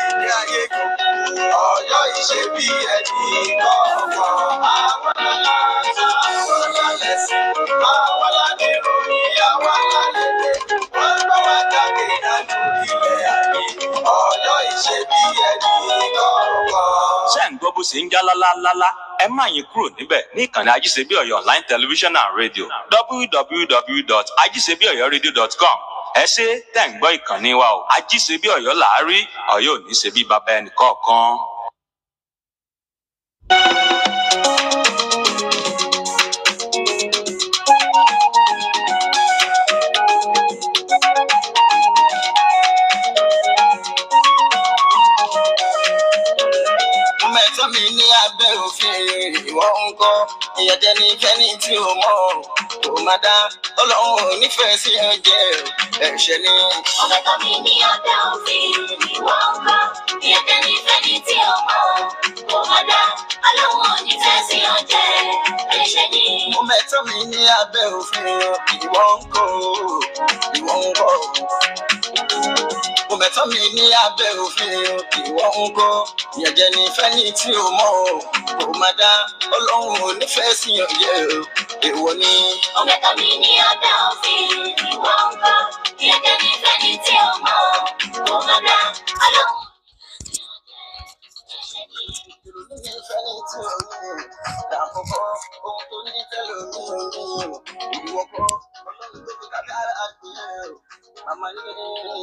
ilé ayé kò ọ̀yọ́ ìṣe bí ẹni kọ̀ọ̀kan. Àwọn ọlọ́lá tó lọ́lá lẹ́sìn, àwọn bó ṣe ń já lálálálá? ẹ má yín kúrò níbẹ̀ ní ìkànnì ajíṣebíọ̀yọ̀ online television and radio www.ajíṣebíọ̀yọ̀radio.com ẹ ṣe tẹ́ ń gbọ́ ìkànnì wa o ajíṣe bí ọ̀yọ́ làárí ọ̀yọ́ ò ní ṣe bí baba ẹnì kọ̀ọ̀kan. ìrì ìwọ ń kọ́ ìyàjẹ́ ní fẹ́ni tí o mọ̀ kò má dá ọlọ́run ò nífẹ̀ẹ́ sí ẹ̀jẹ̀ ẹ̀ṣẹ̀ ni. ọ̀pẹ̀tọ̀ mi ní ọ̀dà òfin ìwọ ń kọ́ ìyàjẹ́ ní fẹ́ni tí o mọ̀ kò má dá ọlọ́run ò nífẹ̀ẹ́ sí ẹ̀jẹ̀ ẹ̀ṣẹ̀ ni. mo mẹ́tọ́ mi ní abẹ́ òfin ìwọ ń kọ́ ìwọ ń kọ́ kò mẹ́tọ́ mi ní abẹ́ òfin ìwọ ń kọ́ ìyẹ̀jẹ̀ ní fẹ́ni tí o mọ̀ o kò má dá ọlọ́run ò nífẹ̀ẹ́ sí ọ̀yẹ́ o èèwọ̀ ni. mẹ́tọ́ mi ní abẹ́ òfin ìwọ ń kọ́ ìyẹ̀jẹ̀ ní fẹ́ni tí o mọ̀ o kò má dá ọlọ́run. Ìwọ́pọ̀ kádàrá kí ẹ o màmá ní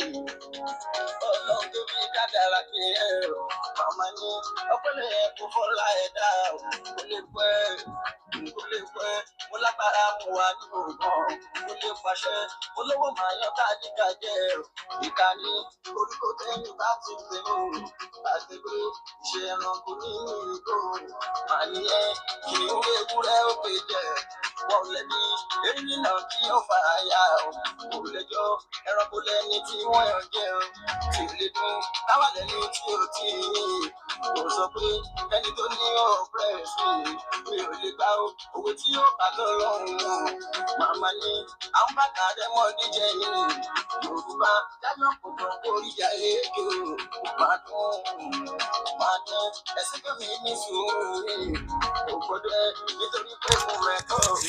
ọlọ́run tó fi kádàrá kí ẹ o màmá ní ọpẹ́lẹ̀ kò fọ́lá ẹ̀dá o kò lè pẹ́ kò lè pẹ́ mo lágbára mo wà nínú ọ̀gbọ́n mo lè pàṣẹ olówó màá yan ká nígbà jẹ o ìka ní orúkọ tẹ́yìn bá ti pè mí o àti pé ṣe ẹranko nínú ìgbò màá ní ẹ kì í wéwúrẹ́ ó pè jẹ wọlé ní èyí náà kí ó fa àyà o kò lẹ́jọ́ ẹranko lẹ́ni tí wọ́n yàn jẹ o tí ò lè dún táwa lẹ́ni tí ò tí ì yìn kò sọ pé ẹni tó ní ọ̀pẹ́ sí mi ò lè gbá o owó tí ó bá lọ́rùn o màmá ni àwọn bàtà rẹ mọ díjẹ yìí yorùbá dájọ́ kò tán kó rí ìyá èké o máa dún máa dún ẹ̀sìn kẹ́mi ní sùúrù o gbọ́dọ̀ nítorí pé mo rẹ̀ kọ́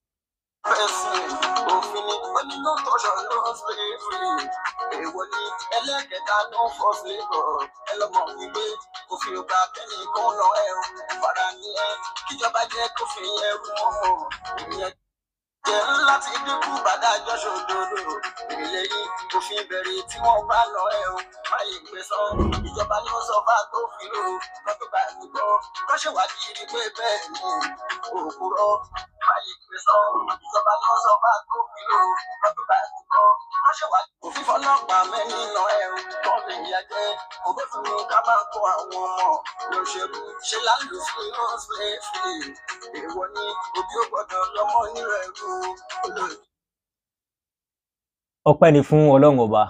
fẹ́sì òfin ni oníkan tọ́ṣọ ló ń slavery èèwọ̀ ni ẹlẹ́kẹta ló ń fọ́ slavery ẹlọ́mọ wípé òfin ò bá kẹ́nìkan lọ ẹ̀rù fara ní ẹ kíjọba jẹ́ kófin ẹrú mọ́ ìyẹn jẹ ńlá ti dínkù bàdá àjọṣe òdodo ìrìlẹ yìí òfin bẹ̀rẹ̀ tí wọ́n bá lọ ẹ o má yẹ gbé sọ ìjọba ni ó sọ fún agbófinró lọ tó bá mi gbọ́ tó ṣèwádìí rí pé bẹ́ẹ̀ ni òkúrọ má yẹ gbé sọ ìjọba ni ó sọ fún agbófinró lọ tó bá mi gbọ́ tó ṣèwádìí òfin fọ́lọ́pàá mẹni lọ ẹ o tó lè yẹ jẹ òbí fún mi ká máa kó àwọn ọmọ lọṣẹlú ṣe lálùfín lọsẹ fìlè èèwọ̀ ni òbí ó ọpẹ́ ni fún ọlọ́run ọba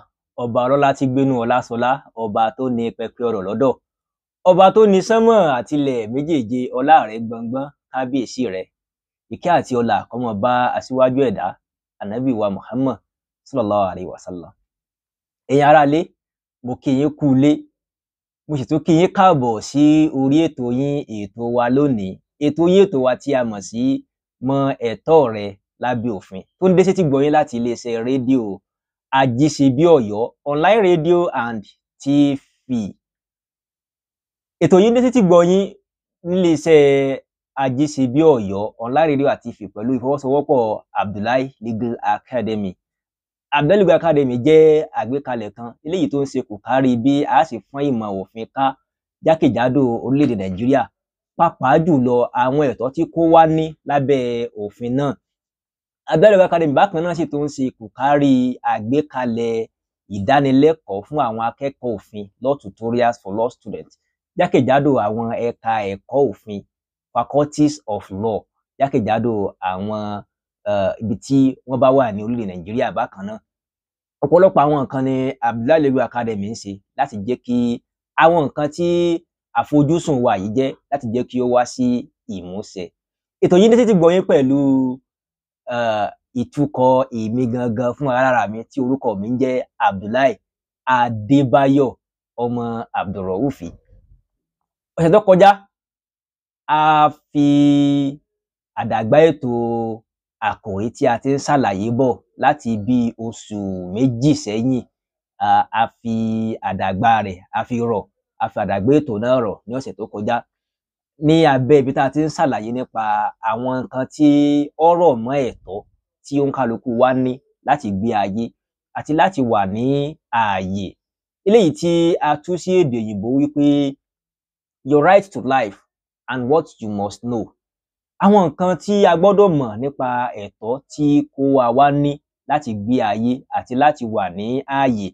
ọba ọlọ́lá tí gbénú ọlá sọlá ọba tó ní pẹpẹ ọ̀rọ̀ lọ́dọ̀ ọba tó ní sánmọ̀ àtilẹ̀ méjèèje ọlá rẹ̀ gbọngbọn kábíyèsí rẹ̀ ìkẹ́ àti ọlà kọmọ bá aṣíwájú ẹ̀dá ànábì wa muhammad sallallahu alayhi wa sallam ẹ̀yin aráalé mo kí yín kú ilé mo sì tún kí yín káàbọ̀ sí orí ètò yín ètò wa lónìí ètò yín ètò wa tí a mọ̀ sí mọ ẹ̀tọ́ rẹ lábẹ́ òfin tó ń dé sétí gbọ̀nyìn láti iléeṣẹ́ rédíò ajíṣebí online radio and tv ètò yìí ń dé sétí gbọ̀nyìn níléeṣẹ́ ajíṣebí online radio and tv pẹ̀lú ìfọwọ́sowọ́pọ̀ abdullahi legal academy abdullahi legal academy jẹ́ àgbékalẹ̀ kan eléyìí tó ń ṣe kò kárí bí a sì fún ìmọ̀ òfin ká jákèjádò orílẹ̀-èdè nàìjíríà pàápàá jùlọ àwọn ẹ̀tọ́ tí kó wá ní lábẹ́ òfin náà Abẹ́rẹ́wò academy bákan náà sì tún ń ṣe kòkáárí àgbékalẹ̀ ìdánilẹ́kọ̀ọ́ fún àwọn akẹ́kọ̀ọ́ òfin law tutorials for law students jákèjádò àwọn ẹ̀ka ẹ̀kọ́ òfin faculties of law jákèjádò àwọn ibi tí wọ́n bá wà ní orílẹ̀ Nàìjíríà bákan náà ọ̀pọ̀lọpọ̀ àwọn nǹkan ni Abdullahi Level Academy ń ṣe láti jẹ́ kí àwọn nǹkan tí àfojúsùn wa yìí jẹ́ láti jẹ́ kí ó wá sí ìmúṣẹ ètò yìí ní títí gbọ́ pẹ̀lú Eh, ìtukọ̀ èmi gangan fún alára mi tí orúkọ mi ń jẹ́ Abdullahi Adébáyọ̀ ọmọ Abdulraufi ọ̀sẹ̀ tó kọjá a fi àdàgbà ètò àkòrí tí a ti ń ṣàlàyé bọ̀ láti bí oṣù méjì sẹ́yìn a fi àdàgbà rẹ̀ a fi rọ̀ a fi àdàgbà ètò náà rọ̀ ní ọ̀sẹ̀ tó kọjá ní abẹ́ ibi tá a ti ń ṣàlàyé nípa àwọn nǹkan tí ó rọ̀ mọ́ ẹ̀tọ́ tí oníkálukú wa ní láti gbé ayé àti láti wà ní ààyè eléyìí tí a tú sí èdè òyìnbó wípé your right to life and what you must know àwọn nǹkan tí a gbọ́dọ̀ mọ̀ nípa ẹ̀tọ́ tí kó wa wá ní láti gbé ayé àti láti wà ní ààyè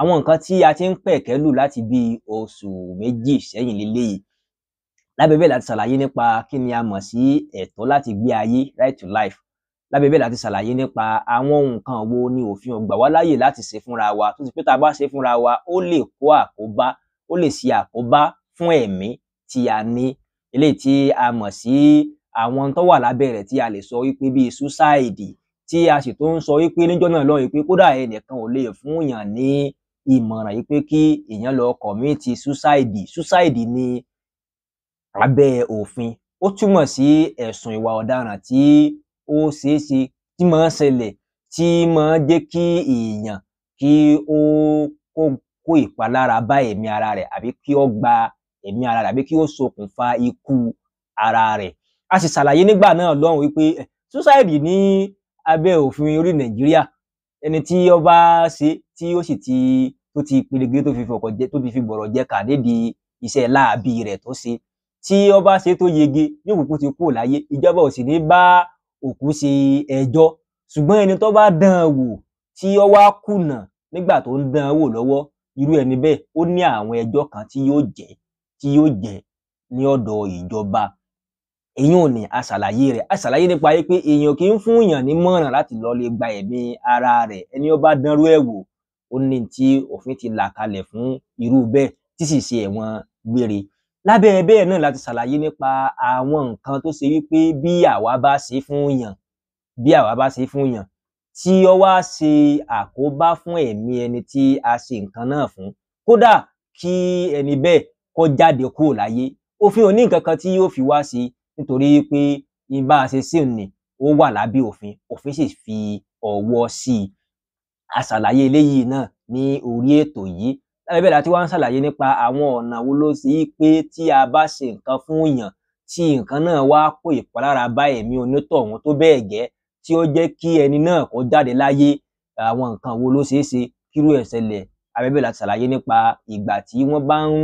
àwọn nǹkan tí a ti ń pẹ̀kẹ́ lù láti bí oṣù méjì sẹ́yìn lélẹ́yìí lábẹ́ bẹ́ẹ̀ láti ṣàlàyé nípa kí ni a mọ̀ sí ẹ̀tọ́ láti gbé ayé right to life lábẹ́ bẹ́ẹ̀ láti ṣàlàyé nípa àwọn nǹkan wo ni òfin ò gbà wá láàyè láti ṣe fúnra wa tó ti pé tá a bá ṣe fúnra wa ó lè kó àkóbá ó lè ṣe àkóbá fún ẹ̀mí tí a ní eléyìí tí a mọ̀ sí àwọn tó wà lábẹ́ rẹ̀ tí a lè sọ wípé bíi suicide tí a sì tó ń sọ wípé níjọ́ náà lọ wípé kódà ẹnìkan ò lè fún yàn ní ìmọ̀ràn yìí pé kí èèyàn lọ kọ̀mítì suicide suicide ni abẹ́ òfin ó túmọ̀ sí ẹ̀sùn ìwà ọ̀daràn tí ó ṣeé ṣe tí máa ń ṣẹlẹ̀ tí máa ń jẹ́ kí èèyàn kí ó kó kó ìpalára bá ẹ̀mí ara rẹ̀ àbí kí ó gba ẹ̀mí ara rẹ̀ àbí kí ó ṣokùnfà ikú ara rẹ̀ a sì ṣàlàyé nígbà náà lọ́hùn wípé suicide ní abẹ́ òfin orí Nàìjíríà ẹni tí ó bá ṣe tí ó sì ti tó ti perege tó fi fọkàn jẹ tó fi fi bọ̀rọ̀ jẹ kà nídìí iṣẹ́ láabi rẹ̀ tó ṣe tí ó bá ṣe tó yege yóò kúkú ti kúrò láyé ìjọba ò sì ní bá òkú ṣe ẹjọ́ ṣùgbọ́n ẹni tó bá dán an wò tí ó wá kùnà nígbà tó ń dán an wò lọ́wọ́ irú ẹni bẹ́ẹ̀ ó ní àwọn ẹjọ́ kan tí yóò jẹ́ tí yóò jẹ́ ní ọ̀dọ̀ ìjọba èyàn ò ní aṣàlàyé rẹ̀ aṣàlàyé nípa yìí pé èèyàn kì í fún èèyàn ní mọ̀ràn láti lọ lè gba ẹ̀mí ara rẹ̀ ẹni ó bá dánrú ẹ̀ wò ó ní tí òfin ti là kalẹ̀ fún irú bẹ́ẹ̀ tí sì ṣe ẹ̀wọ̀n gbére lábẹ́ bẹ́ẹ̀ náà láti ṣàlàyé nípa àwọn nǹkan tó ṣe wípé bí àwa bá ṣe fún yàn bí àwa bá ṣe fún yàn tí ó wá ṣe àkóbá fún ẹ̀mí ẹni tí a ṣe nǹkan náà fún kódà kí ẹni bẹ́ẹ̀ kó jáde kúrò láyé òfin ò ní nǹkan kan tí yóò fi wá sí nítorí pé bá ṣe sí ni ó wà lábẹ́ òfin òfin sì fi ọwọ́ sí i a eléyìí náà ní orí ètò yìí lábẹ́bẹ̀ láti wá ń ṣàlàyé nípa àwọn ọ̀nà wo ló sì í pé tí a bá ṣe nǹkan fún èèyàn tí nǹkan náà wá kó ìpalára bá ẹ̀mí onítọ̀hún tó bẹ́ẹ̀ gẹ́ tí ó jẹ́ kí ẹni náà kó jáde láyé àwọn nǹkan wo ló ṣeé ṣe kírú ẹ̀ ṣẹlẹ̀ abẹ́bẹ̀ láti ṣàlàyé nípa ìgbà tí wọ́n bá ń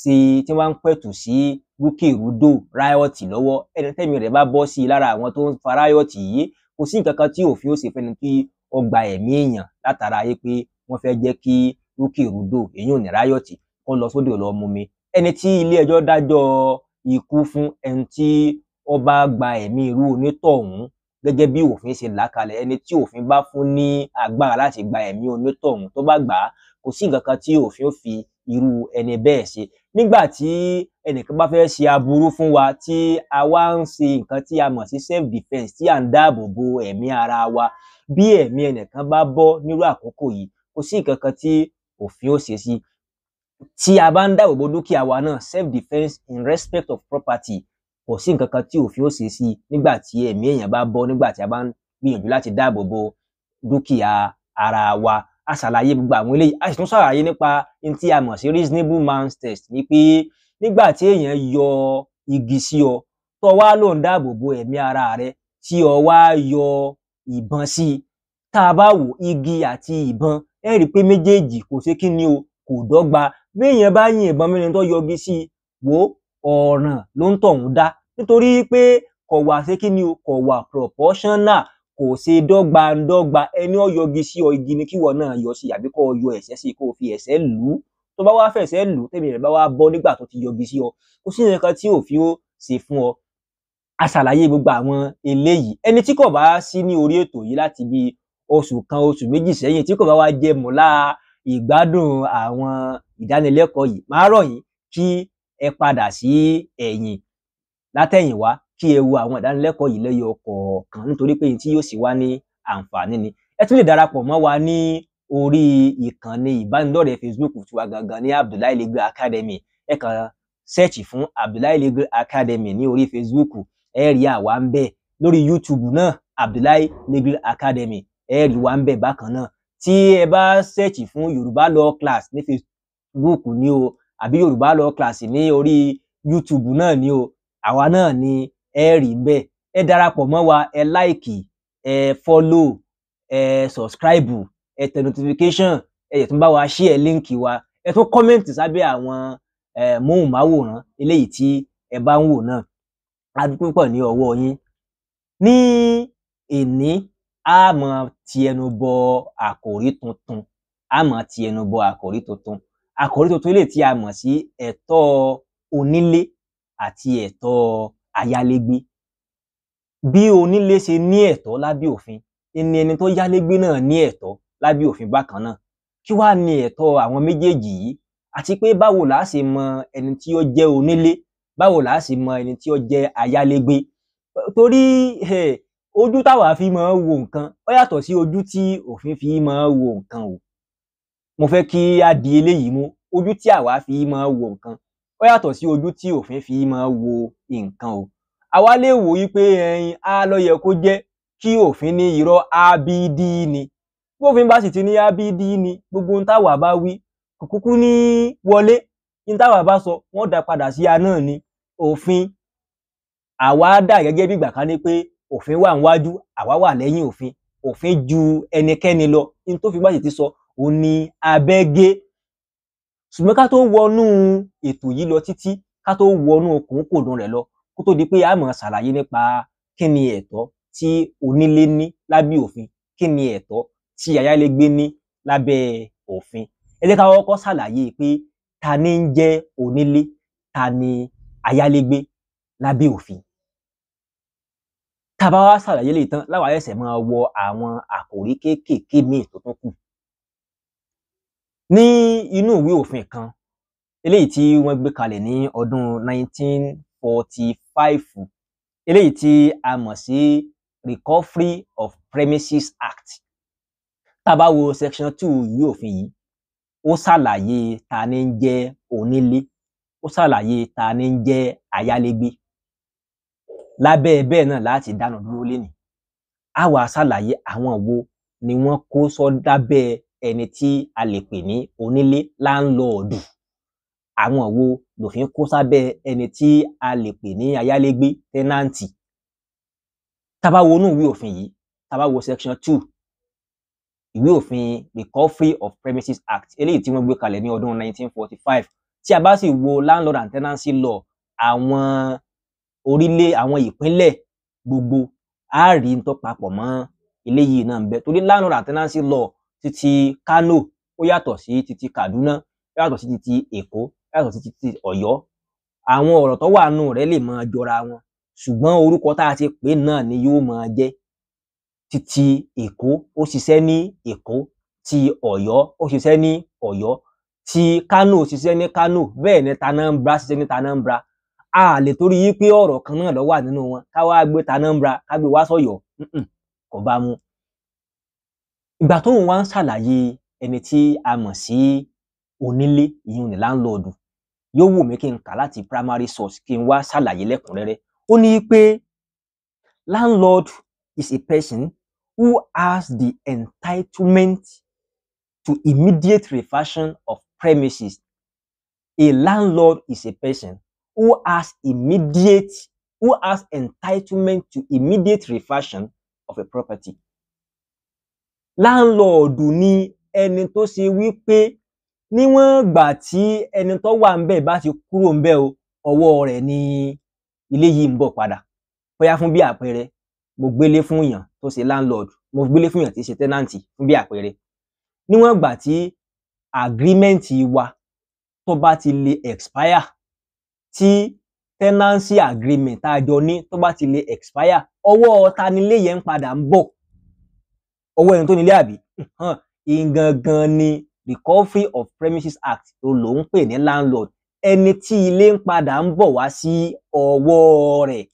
ṣe tí wọ́n ń pẹ̀tù sí rúkèrúdò ráyọ̀tì lọ́wọ́ ẹni tẹ́mi rẹ̀ bá bọ́ sí i lára àwọn tó ń fa ráyọ̀tì yìí kò sí nǹkan kan tí òfin ó ṣe fẹ́ni tí ó ẹ̀mí èèyàn látara yé pé wọ́n fẹ́ jẹ́ kí rúkìrúdò èyí ò ní ráyọ̀tì kó lọ sódò lọ mú mi ẹni tí ilé ẹjọ́ dájọ́ ikú fún ẹni tí ó bá gba ẹ̀mí irú onítọ̀hún gẹ́gẹ́ bí òfin ṣe là kalẹ̀ ẹni tí òfin bá fún ní agbára láti gba ẹ̀mí onítọ̀hún tó bá gbà á kò sí nǹkan kan tí òfin ò fi irú ẹni bẹ́ẹ̀ ṣe nígbà tí ẹnìkan bá fẹ́ ṣe aburú fún wa tí a wá ń ṣe nǹkan tí a mọ̀ sí self defence tí à ń dáàbò bo ẹ̀mí ara wa bí ẹ̀mí ẹnìkan bá bọ́ nírú àkókò yìí kò sí nǹkan kan tí òfin ó ṣe sí tí a bá ń dáàbò dúkìá wa náà self defense in respect of property kò sí nǹkan kan tí òfin ó ṣe sí nígbà tí ẹ̀mí èèyàn bá bọ́ nígbà tí a bá ń gbìyànjú láti dáàbò bo dúkìá ara wa a ṣàlàyé gbogbo àwọn eléyìí a sì tún ṣàlàyé nípa n tí a mọ̀ sí reasonable man's test ni pé nígbà tí èèyàn yọ igi sí ọ tó wá ló ń dáàbò bo ẹ̀mí ara rẹ tí ọ wá yọ ìbọn sí tá a bá wò igi àti ìbọn ẹ rí i pé méjèèjì kò ṣe kí ni o kò dọ́gba béèyàn bá yìnbọn mẹ́rin tó yọgi sí i wo ọ̀ràn ló ń tọ̀hún dá nítorí pé kò wà ṣe kí ni o kò wà proportional kò ṣe dọ́gba dọ́gba ẹni ó yọgi sí ọ igi ni kíwọ náà yọ sí àbí kó o yọ ẹ̀sẹ̀ sí kó o fi ẹ̀sẹ̀ lù ú tó bá wá fẹ̀sẹ̀ lù ú tẹ̀mí rẹ̀ bá wá bọ́ nígbà tó ti yọgi sí ọ kò sí nǹkan tí òfin ó ṣe fún ọ a ṣàlàyé gbogbo àwọn eléyìí ẹni tí kò bá sí ní orí ètò yìí láti bíi oṣù kan oṣù méjì sẹ́yìn tí kò bá wá jẹ mọ́lá ìgbádùn àwọn ìdánilẹ́kọ̀ọ́ yìí máa rọ̀ yín kí ẹ padà sí ẹ̀yìn látẹ̀yìnwá kí ẹ wo àwọn ìdánilẹ́kọ̀ọ́ yìí lẹ́yọ kọ̀ọ̀kan nítorí pé tí yóò sì wá ní àǹfààní ni ẹ tún lè darapọ̀ mọ́ wa ní orí ìkànnì ìbánidọ́rẹ̀ẹ́ Facebook tiwa gangan ní Abdullahi Legal Academy ẹ kàn sẹ́ẹ̀chì fún Abdullahi Legal Academy ní orí Facebook ẹ rí àwa ń bẹ lórí YouTube náà Abdullahi Legal Academy ẹ rí wa ń bẹ̀ bákan náà tí ẹ bá ṣẹ́ẹ̀chì fún yorùbá law class ní facebook ni o àbí yorùbá law class ní orí youtube náà ni o àwa náà ni ẹ rí ń bẹ̀ ẹ darapọ̀ mọ́ wa ẹ láìkì ẹ fọ́lọ̀ ẹ sọ̀scribe ẹ tẹ notification ẹ yẹ tún bá wa ṣí ẹ líǹkì wa ẹ tún kọ́mẹ̀ntì sábẹ́ àwọn móhùnmáwòrán eléyìí tí ẹ bá ń wò náà a dúpẹ́ púpọ̀ ní ọwọ́ yín ní èní á máa ti ẹnu bọ àkòrí tuntun á máa ti ẹnu bọ àkòrí tuntun àkòrí tuntun eléyìí tí a mọ̀ sí ẹ̀tọ́ onílé àti ẹ̀tọ́ ayálégbé bí onílé ṣe ní ẹ̀tọ́ lábẹ́ òfin ni ẹni tó yálégbé náà ní ẹ̀tọ́ lábẹ́ òfin bákan náà kí wàá ní ẹ̀tọ́ àwọn méjèèjì yìí àti pé báwo là á ṣe mọ ẹni tí ó jẹ́ onílé báwo là á ṣe mọ ẹni tí ó jẹ́ ayálégbé torí ojú táwa fi máa wo nǹkan ó yàtọ̀ sí ojú tí òfin fi máa wo nǹkan o mo fẹ́ kí a di eléyìí mú ojú tí àwa fi máa wo nǹkan ó yàtọ̀ sí ojú tí òfin fi máa wo nǹkan o àwa lè wò yí pé ẹyin a ló yẹ kó jẹ́ kí òfin ní irọ́ ábídí ni bófin bá sì ti ní ábídí ni gbogbo ohun táwa bá wí kò kúkú ní wọlé ohun táwa bá sọ wọ́n dá padà sí aná ni òfin àwa dà gẹ́gẹ́ bí ìgbà kan ní pé òfin wà níwájú àwa wà lẹ́yìn òfin òfin ju ẹnikẹ́ni lọ ní tó fi Fáṣítì sọ òun ni abẹ́gẹ́ ṣùgbọ́n ká tó wọnú ètò yìí lọ títí ká tó wọnú kòókòdùn rẹ̀ lọ kó tó di pé a ṣàlàyé nípa kí ni ẹ̀tọ́ tí onílé ní lábẹ́ òfin kí ni ẹ̀tọ́ tí ayálégbé ní lábẹ́ òfin ẹ jẹ́ ká kọ́kọ́ ṣàlàyé pé ta ni ń jẹ́ onílé ta ni ayálégbé lábẹ́ òfin tàbá wá ṣàlàyé lè tán láwa ẹsẹ̀ máa wọ àwọn àkòrí kéékèèké míì tó tún kù ní inú ìwé òfin kan eléyìí tí wọ́n gbé kalẹ̀ ní ọdún 1945 eléyìí tí a mọ̀ sí Recovery of Premises Act tàbá wo section two ìwé òfin yìí ó ṣàlàyé ta ni ń jẹ́ onílé ó ṣàlàyé ta ni ń jẹ́ ayálégbé lábẹ́ bẹ́ẹ̀ náà láti dáná dúró lénìí a wàá ṣàlàyé àwọn wo ni wọ́n kó sọ lábẹ́ ẹni tí a lè pè ní onílé láńlọ́ọ̀dù àwọn wo lòfin kó sábẹ́ ẹni tí a lè pè ní ayálégbé tẹ́náǹtì tá bá wo inú ìwé òfin yìí tá bá wo section two ìwé òfin recovery of premises act eléyìí tí wọ́n gbé kalẹ̀ ní ọdún 1945 tí a bá sì wo landlord and tenancy law àwọn orílẹ̀ àwọn ìpínlẹ̀ gbogbo á rí n tó papọ̀ mọ́ eléyìí náà ń bẹ torí landlord and tenancy law ti ti Kano ó yàtọ̀ sí ti Kaduna ó yàtọ̀ sí ti ti Èkó ó yàtọ̀ sí ti ti Ọ̀yọ́ àwọn ọ̀rọ̀ tó wà nù rẹ̀ lè máa jọra wọn ṣùgbọ́n orúkọ tá a ti pè náà ni yóò máa jẹ́ ti ti Èkó ó ṣiṣẹ́ ní Èkó ti Ọ̀yọ́ ó ṣiṣẹ́ ní Ọ̀yọ́ ti Kano ṣiṣẹ́ ní Kano bẹ́ẹ̀ ni t'Anambra ṣiṣẹ́ ní t'Anambra a lè torí yí pé ọ̀rọ̀ kan náà ló wà nínú wọn ká wá gbé tanambra ká gbé wá sọ̀yọ́ kò bá mu. ìgbà tóun wá ń ṣàlàyé ẹni tí a mọ̀ sí onílé ìyún ní láńlọ́ọ̀dù yóò wù mí kí n kà láti primary source kí n wá ṣàlàyé lẹ́kùnrẹ́rẹ́ ó ní pé landlord is a person who has the entitlement to immediate reversion of premises a landlord is a person who has immediate, who has entitlement to immediate refashion of a property. Láńlọ́ọ̀dù ni ẹni tó ṣe wípé níwọ̀n ìgbà tí ẹni tó wà ń bẹ̀ bá ti kúrò ń o, ọwọ́ rẹ̀ ni ile yìí ń bọ̀ padà. Bóyá fún bí àpẹẹrẹ, mo gbélé fún èèyàn tó ṣe landlord, mo gbélé fún èèyàn tí í ṣe tenant fún bí àpẹẹrẹ. Níwọ̀n ìgbà tí agreement wa to bá ti lè expire tí tenancy agreement tá a jọ ní tó bá ti lè expire ọwọ́ ta nílé yẹn ń padà ń bọ̀ ọwọ́ ẹni tó nílé àbí ìgangan ni recovery of premises act tó ló ń pè ní landlord ẹni tí ilé ń padà ń bọ̀ wá sí ọwọ́ rẹ̀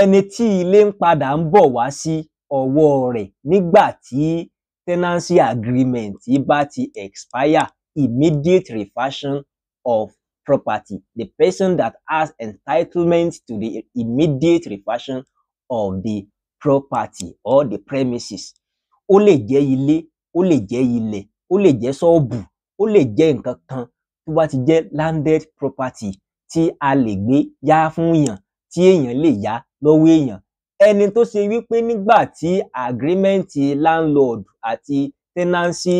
ẹni tí ilé ń padà ń bọ̀ wá sí ọwọ́ rẹ̀ nígbà tí tenancy agreement bá ti expire immediate reversion of property, the person that has entitlement to the immediate reversion of the property or the premises. O lè jẹ́ ilé, ó lè jẹ́ ilẹ̀, ó lè jẹ́ ṣọ́ọ̀bù, ó lè jẹ́ nǹkan kan tó bá ti jẹ́ landed property tí a lè gbé yá fún èèyàn tí èèyàn lè yá lọ́wọ́ èèyàn. Ẹni tó ṣe wípé nígbà tí agreement landlord àti tenancy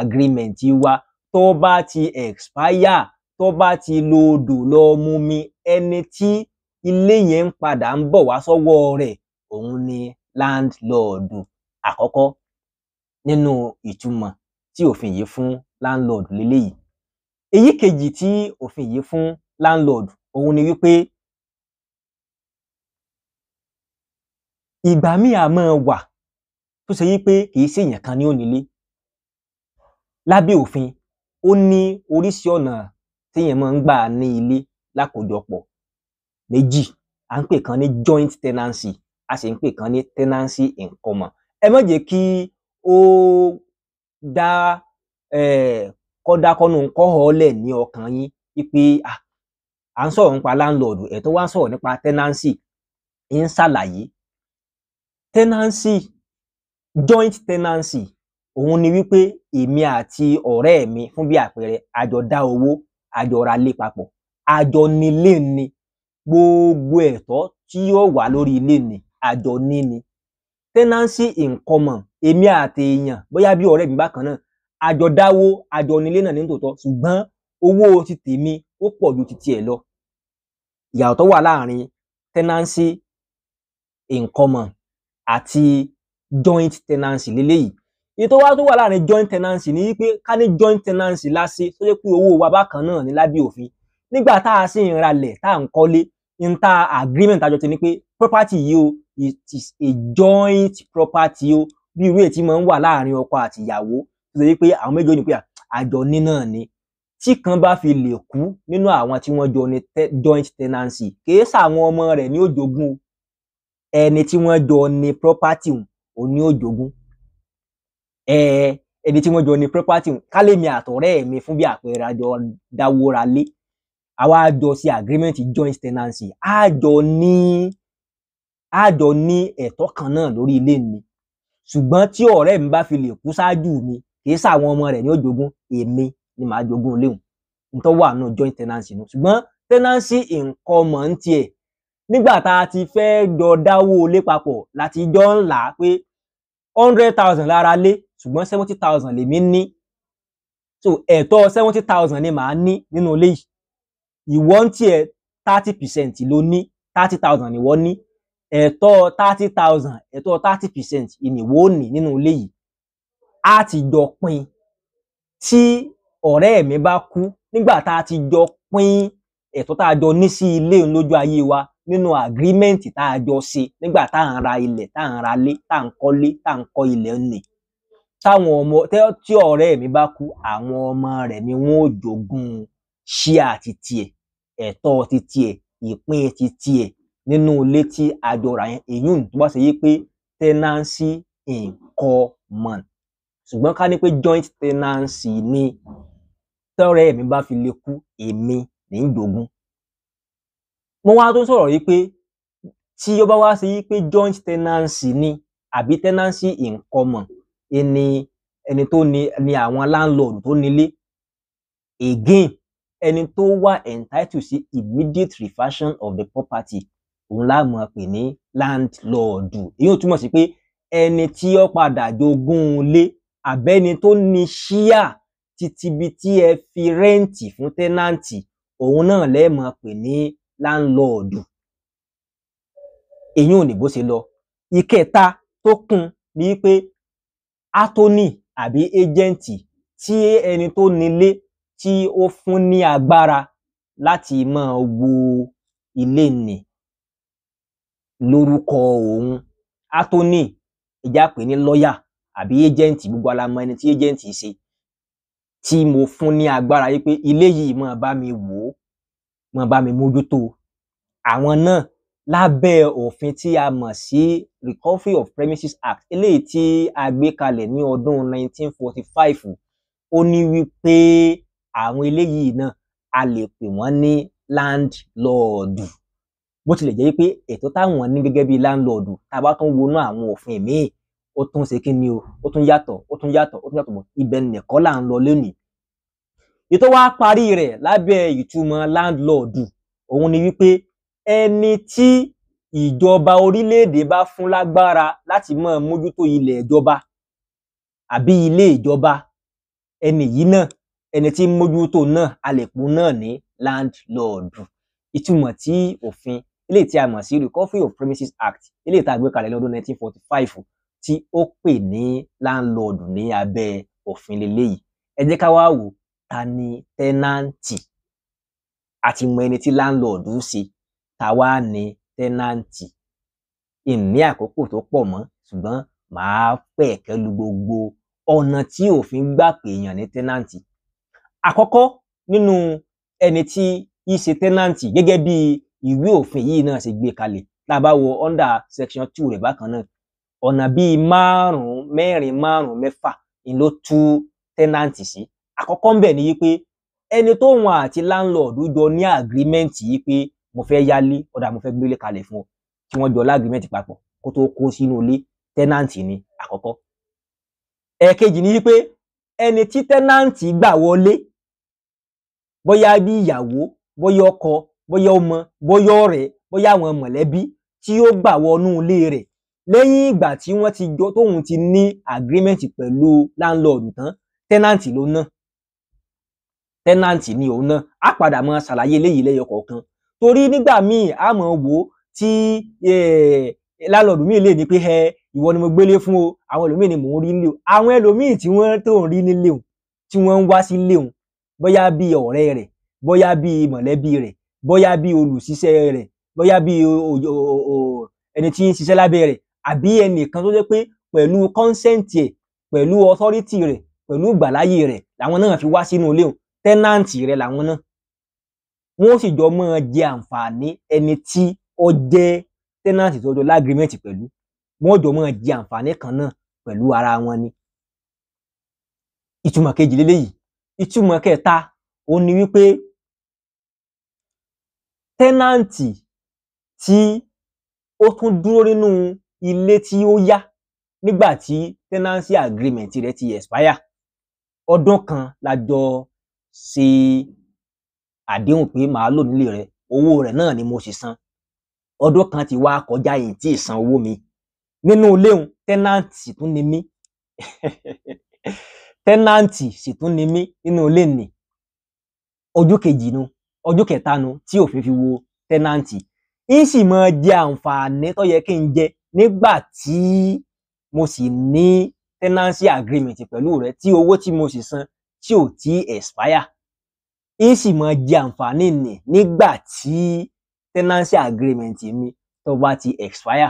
agreement wa tó bá ti expire tó bá ti lo odò lọ mumi ẹni tí ilé yẹn ń padà ń bọ̀ wá sọ́wọ́ rẹ̀ òun ni láńlọ́ọ̀dù àkọ́kọ́ nínú ìtumọ̀ tí òfin yìí fún láńlọ́ọ̀dù lélẹ́yìí èyí kejì tí òfin yìí fún láńlọ́ọ̀dù òun ni wípé ìgbà míì a máa wà tó ṣe yí pé ṣèyàn kan ní onílé lábẹ́ òfin ó ní oríṣi ọ̀nà téèyàn máa ń gbà ní ilé lákòjọpọ̀ méjì à ń kan ní joint tenancy a se npe kan ní tenancy in common ki o da kí ó dá kọ́dákọ́nù kọ́họ́ọ́lẹ̀ ní ọkàn yín wípé à ń sọ̀rọ̀ landlordu landlord ẹ̀ tó nipa tenancy in ṣàlàyé tenancy joint tenancy ohun ni wipe emi ati ore mi fun bi àpẹẹrẹ a da owo àjọ ra lé papọ̀ àjọ ni lé ni gbogbo ẹ̀tọ́ tí yóò wà lórí ilé ni àjọ ní ni tenancy in common èmi àti èèyàn bóyá bí ọ̀rẹ́ mi bákan náà àjọ dáwó àjọ nílé náà ní tòótọ́ ṣùgbọ́n owó ti tèmi ó pọ̀ ju ti tiẹ̀ lọ ìyàtọ̀ wà láàrin tenancy in common àti joint tenancy lélẹ́yìí iye tó wá tó wà láàrin joint tenancy ni wípé ká ní joint tenancy láṣẹ tó jẹ́ pé owó wa bákan náà ní lábẹ́ òfin nígbà tá a sì ń ralẹ̀ tá à ń kọ́lé ń ta agreement àjọ ti ní pé property yìí o it is a joint property o bí irú ètí máa ń wà láàrin ọkọ àti ìyàwó tó ṣe pé àwọn méjì ó ní pé àjọ ní náà ni tí kan bá fi lè kú nínú àwọn tí wọ́n jọ ní joint tenancy kìí ṣàwọn ọmọ rẹ̀ ní ó ẹni tí wọ́n jọ ní property òun ní ó ẹni tí wọ́n jọ ní property ká lè mi àtọ̀rẹ́ mi fún bí àpẹẹrẹ àjọ dáwọ́ra lé àwa àjọ sí agreement joint tenancy àjọ ní àjọ ní ẹ̀tọ́ kan náà lórí ilé mi ṣùgbọ́n tí ọ̀rẹ́ mi bá fi lè kú ṣáájú mi kì í ṣàwọn ọmọ rẹ̀ ní ó jogún èmi ni màá jogún léhùn nítorí wà náà joint tenancy nù ṣùgbọ́n tenancy in common tiẹ̀ nígbà tá a ti fẹ́ jọ dáwó lé papọ̀ láti jọ ń pé hundred thousand lára lé ṣùgbọ́n seventy thousand lèmi ní so ẹ̀tọ́ seventy thousand ni màá ní nínú ilé yìí ìwọ ń tiẹ̀ thirty percent ló ní thirty thousand ni wọ́n ní ẹ̀tọ́ thirty thousand ẹ̀tọ́ thirty percent ìnìwó ní nínú ilé yìí á ti jọ pín tí ọ̀rẹ́ mi bá kú nígbà tá a ti jọ pín ẹ̀tọ́ tá a jọ ní sí ilé lójú ayé wa nínú àgírímẹ́ǹtì tá a jọ ṣe nígbà tá à ń ra ilẹ̀ tá à ń ra lé tá à ń kọ́lé tá à ń kọ́ ilẹ̀ nì táwọn ọmọ tí ọ̀rẹ́ mi bá kú àwọn ọmọ rẹ̀ ni wọ́n ò jogún ṣíà ti tiẹ̀ ẹ̀tọ́ ti tiẹ̀ ìpín ti tiẹ̀ nínú ilé tí a jọ rà yẹn èyún tó bá ṣe yí pé tenancy in common ṣùgbọ́n ká ní pé joint tenancy ni tọ́rẹ́ mi bá fi lè kú èmi ní jogún mo wá tó sọ̀rọ̀ yìí pé tí ó bá wá ṣe yí pé joint tenancy ni àbí tenancy in common ẹni ẹni tó ni ni àwọn landlord tó nílé again ẹni tó wà entitled sí immediate refashion of the property òun la mọ̀ pè ní láńlọ́ọ̀dù èyí ò túmọ̀ sí pé ẹni tí ó padà jogún lé àbẹ́ni tó ní ṣíà títí bí tí ẹ fi rẹ́ǹtì fún tẹ́nàǹtì òun náà lẹ mọ̀ ní láńlọ́ọ̀dù èyí ò ní bó ṣe lọ ìkẹta tó kún ni pé Atoni àbí ejenti, tí ẹni tó nílé tí ó fún ní agbára láti máa wo ilé nì lórúkọ òun attorney ẹ ní lawyer àbí agent gbogbo wa la mọ ẹni tí agent ṣe tí mo fún ní agbára yìí pé ilé yìí máa bá mi wò ó máa bá mi mójútó àwọn náà lábẹ́ òfin tí a mọ̀ sí Recovery of Premises Act eléyìí tí a gbé kalẹ̀ ní ọdún 1945 ó ní wípé àwọn eléyìí náà a lè pè wọ́n ní láńdlọ́ọ̀dù bó tilẹ̀ jẹ́ pé ètò táwọn ní gẹ́gẹ́ bí láńlọ́ọ̀dù tá a bá tún wọnú àwọn òfin míì ó tún ṣe kí ni o ó tún yàtọ̀ ó tún yàtọ̀ ó tún yàtọ̀ bọ̀ ibẹ̀ nìkan là ń lọ lónìí ètò wa parí rẹ̀ lábẹ́ ìtumọ̀ láńlọ́ọ̀dù òun ni wípé ẹni tí ìjọba orílẹ̀-èdè bá fún lágbára láti máa mójútó ilẹ̀ ìjọba àbí ilé ìjọba ẹni yìí náà ẹni tí ń mójútó náà a lè pè òun náà ní láńdlọ́ọ̀dù ìtumọ̀ tí òfin eléyìí tí a mọ̀ sí Recovery of Premises Act eléyìí tá a gbé kalẹ̀ lọ́dún 1945 tí ó pè ní láńlọ́ọ̀dù ní abẹ́ òfin leléyìí ẹ jẹ́ ká wá wò ta ni tẹ́náǹtì àti mọ ẹni tí láńlọ́ọ̀dù ń ṣe ta wá ní tẹ́nàǹtì ìní àkókò tó pọ̀ mọ́ ṣùgbọ́n màá pẹ̀ kẹ́lu gbogbo ọ̀nà tí òfin gbà pé èèyàn ní tẹ́nàǹtì àkọ́kọ́ nínú ẹni tí í ṣe tẹ́nàǹtì gẹ́gẹ́ bí ìwé òfin yìí náà ṣe gbé kalẹ̀ tá a bá wo under section two rẹ̀ bákan náà ọ̀nà bíi márùn-ún mẹ́rin márùn-ún mẹ́fà ni ló tú tẹ́nàǹtì sí àkọ́kọ́ ń ni wípé ẹni tóun àti láńlọ́ọ̀dù jọ ní àgírímẹ́ǹtì yìí pé mo fẹ́ yálé ọ̀dà mo fẹ́ gbélé kalẹ̀ fún ọ tí wọ́n jọ lágrímẹ̀tì papọ̀ kó tó kó sínú ilé tẹ́nàǹtì ni àkọ́kọ́ ẹ̀ẹ̀kejì ni wípé ẹni tí tẹ́nàǹtì gbà wọlé bóyá bí ìyàwó bóyá ọkọ bóyá ọmọ bóyá ọ̀rẹ́ bóyá àwọn mọ̀lẹ́bí tí ó gbà wọnú ilé rẹ̀ lẹ́yìn ìgbà tí wọ́n ti jọ tóun ti ní agreement pẹ̀lú láńlọ́ọ̀dù tán tẹ́nàǹtì ló ná tẹ́nàǹtì ni òun ná á padà máa ṣàlàyé eléyìí lẹ́yọ kọ̀ọ̀kan torí nígbà míì a mọ̀ wò ó tí lálọ́ọ̀dù lè ní pé ìwọ ni mo gbélé fún o àwọn ẹlòmíì ni mò ń rí nílé o àwọn ẹlòmíì tí wọ́n tó ń rí nílé o tí wọ́n ń wá sílé o bóyá bí ọ̀rẹ́ rẹ̀ bóyá bí mọ̀lẹ́bí rẹ̀ bóyá bí olùṣiṣẹ́ rẹ̀ bóyá bí ẹni tí ń ṣiṣẹ́ lábẹ́ rẹ̀ àbí ẹnìkan tó jẹ́ pé pẹ̀lú kọ́nsẹ́ǹtì ẹ̀ pẹ̀lú ọ̀tọ́rítì rẹ̀ pẹ̀lú ìgbàláyè rẹ̀ làwọn náà fi wá sínú ilé o tẹ́nàǹtì rẹ̀ làwọn náà wọ́n sì jọ máa jẹ àǹfààní ẹni tí ó jẹ́ tẹ́nàtì tó jọ lágrímẹ̀ntì pẹ̀lú wọ́n jọ máa jẹ àǹfààní kan náà pẹ̀lú ara wọn ni. ìtumọ̀ kejì lélẹ́yìí ìtumọ̀ kẹta ó ní wípé tẹ́nàntì tí ó tún dúró nínú ilé tí ó yá nígbà tí tenancy agreement rẹ ti expire ọdún kan la jọ ṣe. Si àdéhùn pé màá lò nílé rẹ owó rẹ náà ni mo sì san ọdún kan ti wá kọjá yìí tí ì san owó mi nínú iléhùn tẹnáǹtì tún ni mí tẹnáǹtì sì tún ni mí nínú ilé nì ọjọ́ kejì nu ọjọ́ kẹta nu tí òfin fi wo tẹnáǹtì ń sì máa jẹ àǹfààní tó yẹ kí n jẹ nígbà tí mo sì ní tenancy agreement pẹ̀lú rẹ tí owó tí mo sì san tí ò tí expire ń sì máa jẹ àǹfààní nì nígbà tí tenancy agreement mi tó bá ti expire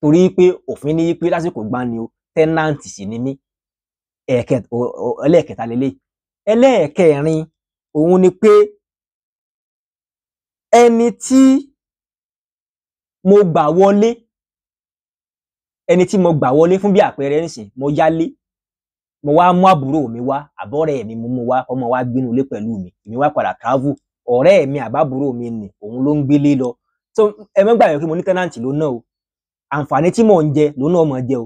torí pé òfin ní pé lásìkò gbani o tenant sì ni mí ẹlẹ́ẹ̀kẹta lélẹ̀ ẹlẹ́ẹ̀kẹrin òun ni pé ẹni tí mo gbà wọlé ẹni tí mo gbà wọlé fún bí àpẹẹrẹ nísìn mo yálé mo wá mú àbúrò mi wá àbọ̀rẹ́ mi mú mu wá ọmọ wa gbénu ilé pẹ̀lú mi èmi wá padà travel ọ̀rẹ́ mi àbábúrò mi nì òun ló ń gbélé lọ so ẹ mọ́ gbàgbé pé mo ní tẹ́nàntì ló náà o àǹfààní tí mò ń jẹ ló náà mọ̀ jẹ o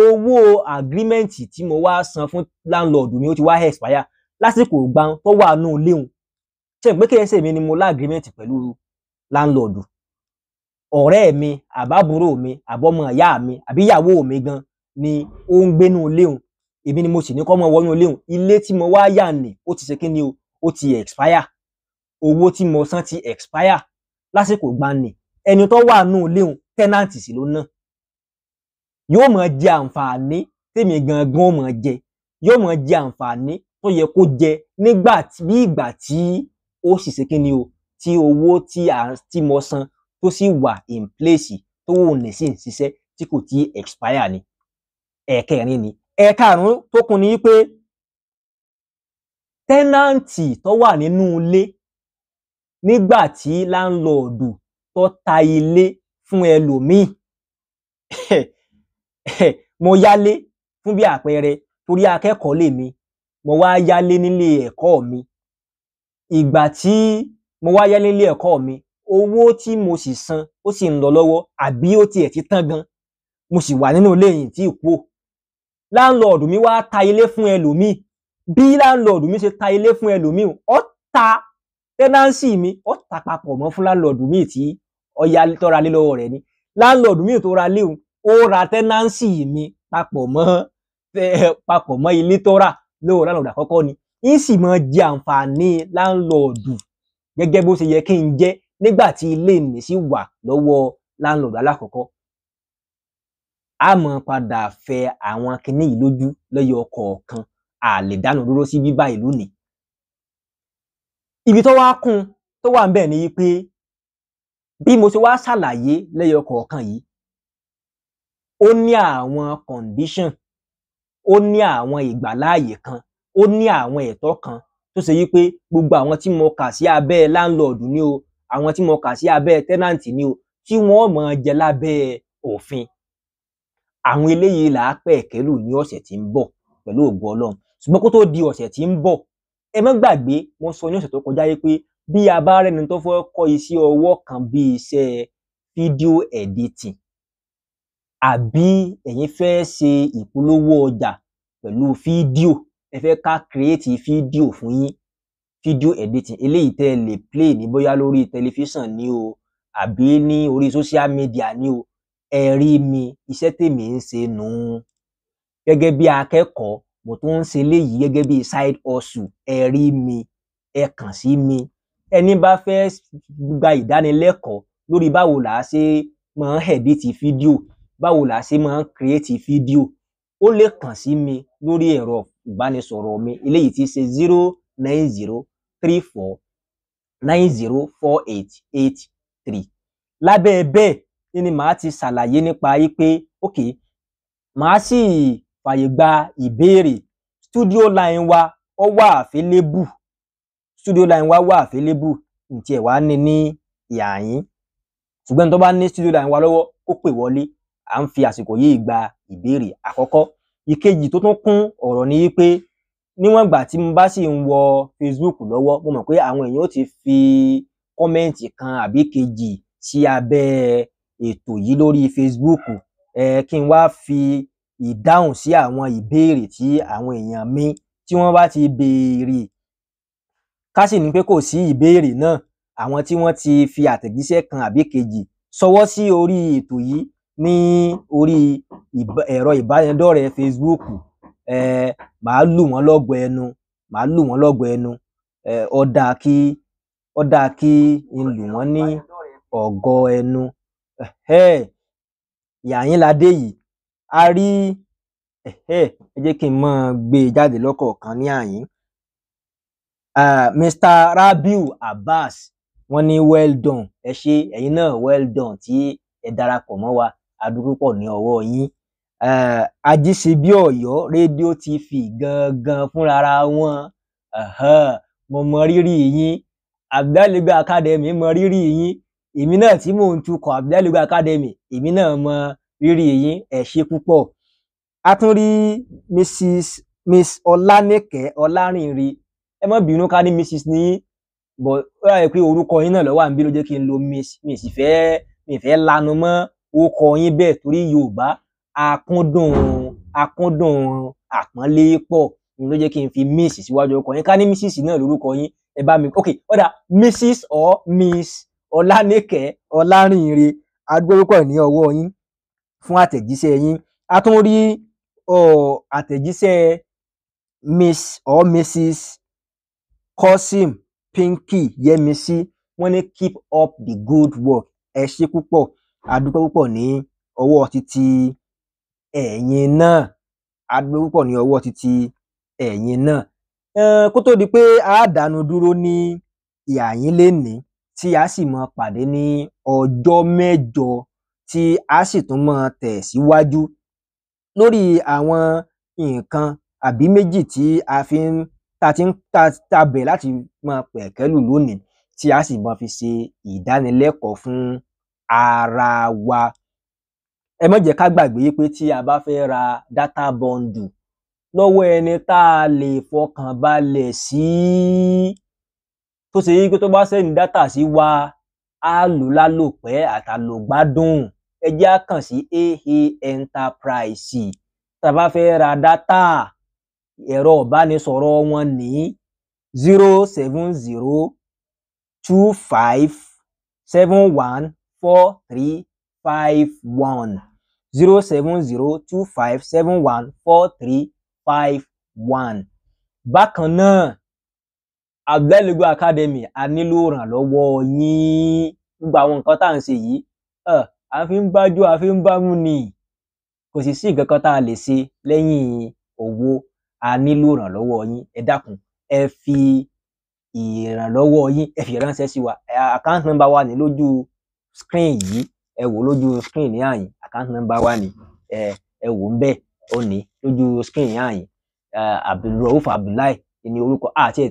owó àgírímẹ́ǹtì tí mo wá san fún láńlọ́ọ̀dù mi ó ti wá expire lásìkò gbàn tó wà nù léhùn ṣe pé kí ẹ ṣe mi ni mo lá àgírímẹ́ǹtì pẹ̀lú láńlọ́ọ̀dù ọ̀rẹ́ mi àbábúrò mi àbọ́mọ ìyá mi àbíyàwó mi gan ni ó ń gbénu léhùn èmi ni mo sì ní kọ́ mọ wọnú ilé òun ilé tí mo wá yà ní ó ti ṣe kí ni o ó ti expire owó tí mo san ti expire lásìkò gbanì ẹni tó wà nù ilé òun tẹ́nàǹtì sì ló ná yóò mọ̀ jẹ àǹfààní tèmi gangan ó mọ̀ jẹ yóò mọ̀ jẹ àǹfààní tó yẹ kó jẹ nígbà bí ìgbà tí ó sì ṣe kí ni o tí owó tí a ti mo san tó sì wà in place tó wò ní sí ń tí kò ti expire ni ẹ̀ẹ̀kẹrin ni ẹ̀karùn-ún tó kù ni pé tẹ́nàǹtì tó wà nínú ilé nígbà tí láńlọ́ọ̀dù tó ta ilé fún ẹlòmíì mo yálé fún bí àpẹẹrẹ torí akẹ́kọ̀ọ́ lèmi mo wá yálé nílé ẹ̀kọ́ mi ìgbà tí mo wá yálé nílé ẹ̀kọ́ mi owó tí mo sì san ó sì ń lọ lọ́wọ́ àbí ó tiẹ̀ ti tán gan mo sì wà nínú ilé yìí tí ì kú ò láńlọ́ọ̀dù mi wá ta ilé fún ẹlòmíì bí láńlọ́ọ̀dù mi ṣe ta ilé fún ẹlòmíì ó ta tẹ́nánsì mi ó ta papọ̀ mọ́ fún láńlọ́ọ̀dù mi ya ọya tọ́ra lé lọ́wọ́ rẹ̀ ni láńlọ́ọ̀dù mi tó ra léwu ó ra tẹ́nánsì mi papọ̀ mọ́ papọ̀ mọ́ ilé tọ́ra lọ́wọ́ láńlọ́ọ̀dù àkọ́kọ́ ni ń si mọ jẹ àǹfààní láńlọ́ọ̀dù gẹ́gẹ́ bó ṣe yẹ kí n jẹ́ nígbà mi sì wà lọ́wọ́ láńlọ́ọ̀dù alákọ̀ọ́kọ́ a máa padà fẹ àwọn kinní yìí lójú lẹ́yọ kọ̀ọ̀kan a lè dánu dúró sí bíbá ìlú ni. ibi tó wá kún tó wà ń bẹ̀ ni pé bí mo ṣe wá ṣàlàyé lẹ́yọ kọ̀ọ̀kan yìí ó ní àwọn condition ó ní àwọn ìgbàláàyè kan ó ní àwọn ẹ̀tọ́ kan tó ṣe yí pé gbogbo àwọn tí mo kà sí abẹ́ láńlọ́ọ̀dù ni o àwọn tí mo kà sí abẹ́ tẹ́nàǹtì ni o tí wọ́n mọ̀ jẹ lábẹ́ òfin àwọn eléyìí là á pẹ̀ kẹ́lù ní ọ̀sẹ̀ tí ń bọ̀ pẹ̀lú ògo ọlọ́run ṣùgbọ́n kó tó di ọ̀sẹ̀ tí ń bọ̀ ẹ má gbàgbé wọ́n sọ ní ọ̀sẹ̀ tó kọjá yìí pé bí a bá rẹ́ni tó fẹ́ kọ́ iṣẹ́ ọwọ́ kan bí iṣẹ́ fídíò editing àbí ẹ̀yin fẹ́ ṣe ìpolówó ọjà pẹ̀lú fídíò ẹ fẹ́ ká kírètì fídíò fún yín fídíò editing eléyìí tẹ́ ẹ lè play ní bóyá lórí tẹlifíṣàn ni o àbí ní orí social media ni o ẹ rí mi iṣẹ́ tèmi ń ṣe nù ún gẹ́gẹ́ bí akẹ́kọ̀ọ́ mo tún ń ṣe eléyìí gẹ́gẹ́ bí side hustle ẹ rí mi ẹ kàn sí mi ẹni bá fẹ́ gba ìdánilẹ́kọ̀ọ́ lórí báwo là á ṣe máa ń ẹ̀díìtì fídíò báwo là á ṣe máa ń kírètì fídíò ó lè kàn sí mi lórí ẹ̀rọ ìbánisọ̀rọ̀ mi eléyìí ti ṣe zero nine zero three four nine zero four eight eight three lábẹ́ bẹ́ẹ̀ ni màá ti ṣàlàyé nípa yí pé ok màá sì fàyè gba ìbéèrè studio line wa ó wà àfélébù studio line wa wà àfélébù ntí ẹ̀ wá ní ní ìhà yín ṣùgbọ́n tó bá ní studio line wa lọ́wọ́ kó pè wọlé à ń fi àsìkò yìí gba ìbéèrè àkọ́kọ́ ìkejì tó tún kún ọ̀rọ̀ ni pé níwọ̀n ìgbà tí mo bá sì ń wọ Facebook lọ́wọ́ mo mọ̀ pé àwọn èèyàn ó ti fi kọ́mẹ́ǹtì kan àbí kejì sí abẹ́ ètò yìí lórí Facebook ẹ kí n wá fi ìdáhùn sí àwọn ìbéèrè tí àwọn èèyàn mi tí wọ́n bá ti béèrè ká sì ní pé kò sí ìbéèrè náà àwọn tí wọ́n ti fi àtẹ̀jíṣẹ́ kan àbí kejì ṣọwọ́ sí orí ètò yìí ní orí ẹ̀rọ ìbánidọ́rẹ̀ẹ́ Facebook ẹ màá lù wọ́n lọ́gọ̀ ẹnu màá lù wọ́n lọ́gọ̀ ẹnu ẹ ó dáa kí ó dáa kí n lù wọ́n ní ọ̀gọ̀ ẹnu Yàyínládé yìí a rí ẹ jẹ́ kí n máa gbé e jáde lọ́kọ̀ọ̀kan ní àyín um Mr Rabiu Abbas wọ́n ní well done ẹ ṣé ẹ̀yin náà well done tí ẹ darapọ̀ mọ́ wa a dúpẹ́ púpọ̀ ní ọwọ́ yín um Ajíṣebí Ọ̀yọ́ rédíò TV gangan fúnrara wọn um mo mọ rírì yín Abdul Halim Academy mọ rírì yín èmi náà tí mò ń tukọ̀ Abdullahi Academy èmi náà mọ rírì èyí ẹ ṣé púpọ̀ a tún rí Mrs Miss Ọlánìkẹ́ Ọlárìnrin ẹ má bínú ká ní Mrs ní bọ̀ ó yà pé orúkọ yín náà lọ́wọ́ à ń bí ló jẹ́ kí n lo Miss mi sì fẹ́ mi fẹ́ lanu mọ́ orúkọ yín bẹ́ẹ̀ torí Yorùbá akúndùn akúndùn àpọ́nlé pọ̀ ni ló jẹ́ kí n fi Miss síwájú orúkọ yín ká ní Mrs náà lórúkọ yín ẹ bá mi ok ọ̀dà Mrs or Miss ọláníkẹ́ ọlárìnire adúpẹ́púpọ̀ ní ọwọ́ yín fún àtẹ̀jíṣẹ́ yín a tún rí àtẹ̀jíṣẹ́ miss or mrs Cosim, pinky Yemisi, wọ́n ní keep up the good work ẹ ṣe púpọ̀ adúpẹ́ púpọ̀ ní ọwọ́ títí ẹ̀yin náà adúpẹ́ púpọ̀ ní ọwọ́ títí ẹ̀yin náà kó tó di pé a dúró ní ìhà lénìí tí a sì máa pàdé ní ọjọ́ mẹ́jọ tí a sì tún máa tẹ̀síwájú lórí àwọn nǹkan àbí méjì tí a fi ń ta ti ń ta ta láti máa pẹ̀kẹ́lù lónìí tí a sì máa fi ṣe ìdánilẹ́kọ̀ọ́ fún ara wa. Ẹ má jẹ́ ká gbàgbé pé tí a bá fẹ́ ra data bundle lọ́wọ́ ẹni tá a lè fọkàn balẹ̀ sí tó ṣe yí pé tó bá sẹ́ni dátà sí wa á lò lálòpẹ́ àtàlògbádùn ẹ jẹ́ á kàn sí aa enterprise tá a bá fẹ́ ra dátà ẹ̀rọ ìbánisọ̀rọ̀ wọn ní zero seven zero two five seven one four three five one zero seven zero two five seven one four three five one bákan náà Abdullahi Academy a nílò ìrànlọ́wọ́ yín gbogbo àwọn nǹkan tá à ń ṣe yìí a fi ń bájú a fi ń bámú ni kò sì sí nǹkan kan tá a a nílò yín ẹ dákun ẹ fi yín ẹ account number wa ní lójú screen yìí ẹ wò lójú screen ní àyìn account number wa ní ẹ wò ń lójú screen ní àyìn Abdulrauf Abdullahi ni orúkọ àti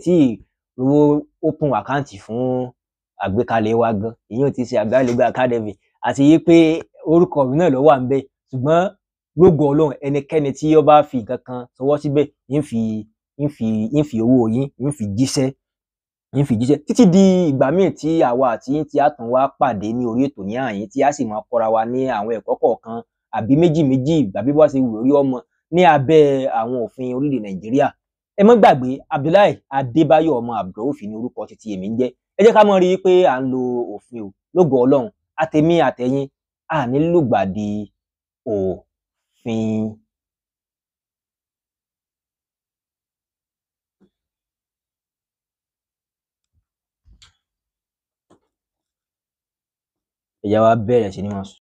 ló open àkáǹtì fún àgbékalẹ̀ wa gan ìyẹn ti ṣe àgbàlagbà academy àti yí pé orúkọ mi náà ló wà ń bẹ ṣùgbọ́n lógo Ọlọ́run ẹnikẹ́ni tí ó bá fi nǹkan kan sọwọ́ síbẹ̀ ń fi ń fi ń fi owó yín ń fi jíṣẹ́ ń fi jíṣẹ́ títí di ìgbà míì tí àwa àti yín tí a tún wá pàdé ní orí ètò ní àyín tí a sì máa kọ́ra wa ní àwọn ẹ̀kọ́ kọ̀ọ̀kan àbí méjì méjì àbí bá ṣe wù lórí ọmọ ní abẹ́ àwọn òfin orílẹ̀ Nàìjíríà ẹ mọ́ gbàgbé Abdullahi Adébáyọ̀ ọmọ Abdulraufin ní orúkọ títí èmi ń jẹ́ ẹ jẹ́ ká mọ̀ rí i pé à ń lo òfin o lógo Ọlọ́run àtẹ̀mí àtẹ̀yìn à ní lùgbàdì òfin. ẹ̀yà wa bẹ̀rẹ̀ sí ní máa sùn.